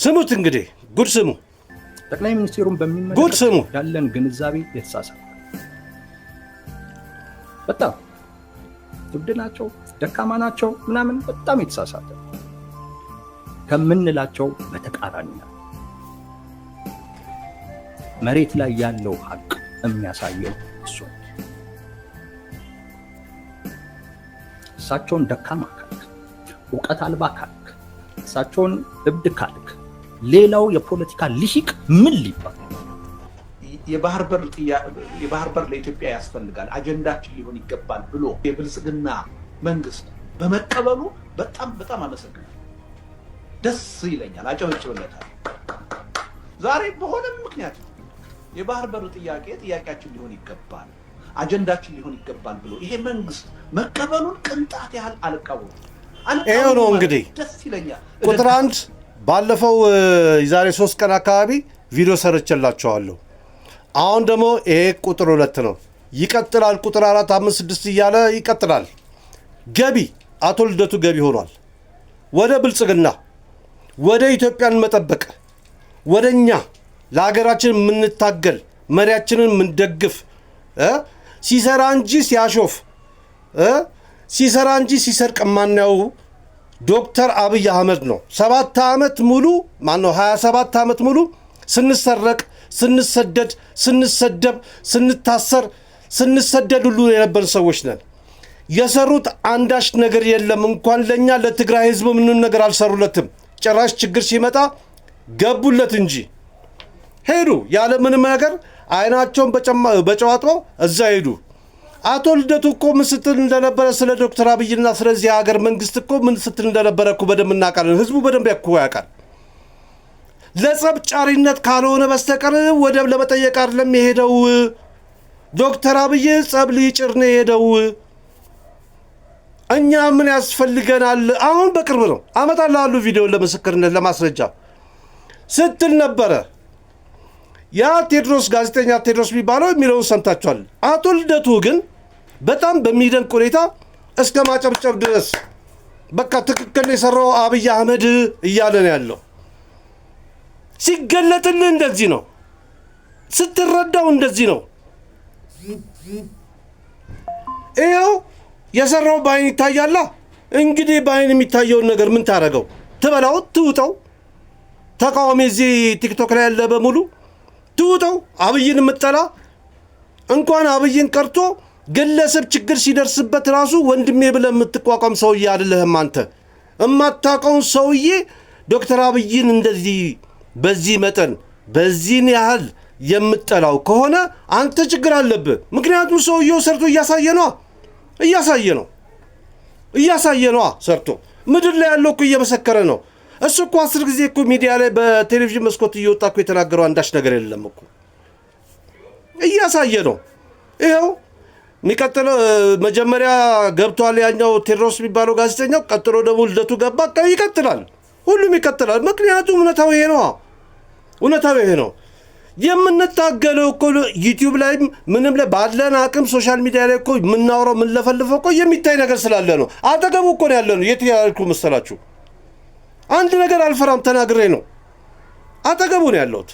ስሙት እንግዲህ ጉድ ስሙ። ጠቅላይ ሚኒስትሩን በሚመለከት ያለን ግንዛቤ የተሳሳተ በጣም እብድ ናቸው፣ ደካማ ናቸው ምናምን በጣም የተሳሳተ ከምንላቸው በተቃራኒ ነው። መሬት ላይ ያለው ሀቅ የሚያሳየው እሱ እሳቸውን ደካማ ካልክ፣ እውቀት አልባ ካልክ፣ እሳቸውን እብድ ካልክ ሌላው የፖለቲካ ልሂቅ ምን ሊባል የባህር በር ለኢትዮጵያ ያስፈልጋል አጀንዳችን ሊሆን ይገባል ብሎ የብልጽግና መንግስት በመቀበሉ በጣም በጣም አመሰግናለሁ። ደስ ይለኛል። አጨበጭበለታል። ዛሬ በሆነም ምክንያት የባህር በሩ ጥያቄ ጥያቄያችን ሊሆን ይገባል አጀንዳችን ሊሆን ይገባል ብሎ ይሄ መንግስት መቀበሉን ቅንጣት ያህል አልቃወም። ይኸው ነው እንግዲህ ደስ ይለኛል። ቁጥር አንድ ባለፈው የዛሬ ሶስት ቀን አካባቢ ቪዲዮ ሰርቼላችኋለሁ። አሁን ደግሞ ይሄ ቁጥር ሁለት ነው። ይቀጥላል። ቁጥር አራት አምስት ስድስት እያለ ይቀጥላል። ገቢ አቶ ልደቱ ገቢ ሆኗል። ወደ ብልጽግና ወደ ኢትዮጵያን መጠበቅ ወደ እኛ ለሀገራችን የምንታገል መሪያችንን የምንደግፍ ሲሰራ እንጂ ሲያሾፍ ሲሰራ እንጂ ሲሰርቅ የማናየው ዶክተር አብይ አህመድ ነው። ሰባት ዓመት ሙሉ ነው? 27 ዓመት ሙሉ ስንሰረቅ፣ ስንሰደድ፣ ስንሰደብ፣ ስንታሰር፣ ስንሰደድ ሁሉ የነበር ሰዎች ነን። የሰሩት አንዳች ነገር የለም። እንኳን ለእኛ ለትግራይ ህዝብ ምንም ነገር አልሰሩለትም። ጭራሽ ችግር ሲመጣ ገቡለት እንጂ ሄዱ። ያለ ምንም ነገር አይናቸውን በጨዋጥበው እዛ ሄዱ። አቶ ልደቱ እኮ ምን ስትል እንደነበረ ስለ ዶክተር አብይና ስለዚህ ሀገር መንግስት እኮ ምን ስትል እንደነበረ እኮ በደንብ እናውቃለን። ህዝቡ በደንብ ያኩ ያውቃል። ለጸብ ጫሪነት ካልሆነ በስተቀር ወደ ለመጠየቅ አይደለም የሄደው ዶክተር አብይ ጸብ ሊጭር ነው የሄደው። እኛ ምን ያስፈልገናል? አሁን በቅርብ ነው አመጣልሃለሁ ቪዲዮን ለምስክርነት ለማስረጃ ስትል ነበረ። ያ ቴድሮስ ጋዜጠኛ ቴድሮስ የሚባለው የሚለውን ሰምታችኋል። አቶ ልደቱ ግን በጣም በሚደንቅ ሁኔታ እስከ ማጨብጨብ ድረስ በቃ ትክክል የሰራው አብይ አህመድ እያለ ነው ያለው። ሲገለጥልህ እንደዚህ ነው፣ ስትረዳው እንደዚህ ነው። ይኸው የሰራው በአይን ይታያላ። እንግዲህ በአይን የሚታየውን ነገር ምን ታደረገው? ትበላው፣ ትውጠው። ተቃዋሚ እዚህ ቲክቶክ ላይ ያለ በሙሉ ትውጠው። አብይን የምጠላ እንኳን አብይን ቀርቶ ግለሰብ ችግር ሲደርስበት ራሱ ወንድሜ ብለህ የምትቋቋም ሰውዬ አይደለህም። አንተ እማታውቀውን ሰውዬ ዶክተር አብይን እንደዚህ በዚህ መጠን በዚህን ያህል የምጠላው ከሆነ አንተ ችግር አለብህ። ምክንያቱም ሰውየው ሰርቶ እያሳየ ነዋ፣ እያሳየ ነው፣ እያሳየ ነዋ። ሰርቶ ምድር ላይ ያለው እኮ እየመሰከረ ነው። እሱ እኮ አስር ጊዜ እኮ ሚዲያ ላይ በቴሌቪዥን መስኮት እየወጣ እኮ የተናገረው አንዳች ነገር የለም እኮ፣ እያሳየ ነው ይኸው የሚቀጥለው መጀመሪያ ገብቷል ያኛው ቴድሮስ የሚባለው ጋዜጠኛው፣ ቀጥሎ ደግሞ ልደቱ ገባ። ይቀጥላል፣ ሁሉም ይቀጥላል። ምክንያቱም እውነታው ይሄ ነው። እውነታው ይሄ ነው። የምንታገለው እኮ ዩቲዩብ ላይ ምንም ላይ ባለን አቅም ሶሻል ሚዲያ ላይ እኮ የምናውረው የምንለፈልፈው እኮ የሚታይ ነገር ስላለ ነው። አጠገቡ እኮ ነው ያለ ነው። የት ያልኩ መሰላችሁ? አንድ ነገር አልፈራም ተናግሬ ነው። አጠገቡ ነው ያለሁት።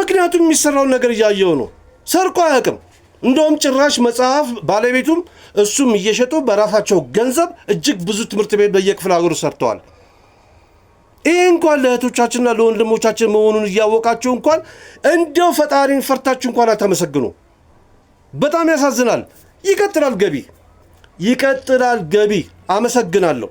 ምክንያቱም የሚሰራውን ነገር እያየው ነው። ሰርቆ አያውቅም። እንደውም ጭራሽ መጽሐፍ ባለቤቱም እሱም እየሸጡ በራሳቸው ገንዘብ እጅግ ብዙ ትምህርት ቤት በየክፍለ ሀገሩ ሰርተዋል። ይህ እንኳን ለእህቶቻችንና ለወንድሞቻችን መሆኑን እያወቃችሁ እንኳን እንደው ፈጣሪን ፈርታችሁ እንኳን አታመሰግኑ። በጣም ያሳዝናል። ይቀጥላል ገቢ ይቀጥላል ገቢ። አመሰግናለሁ።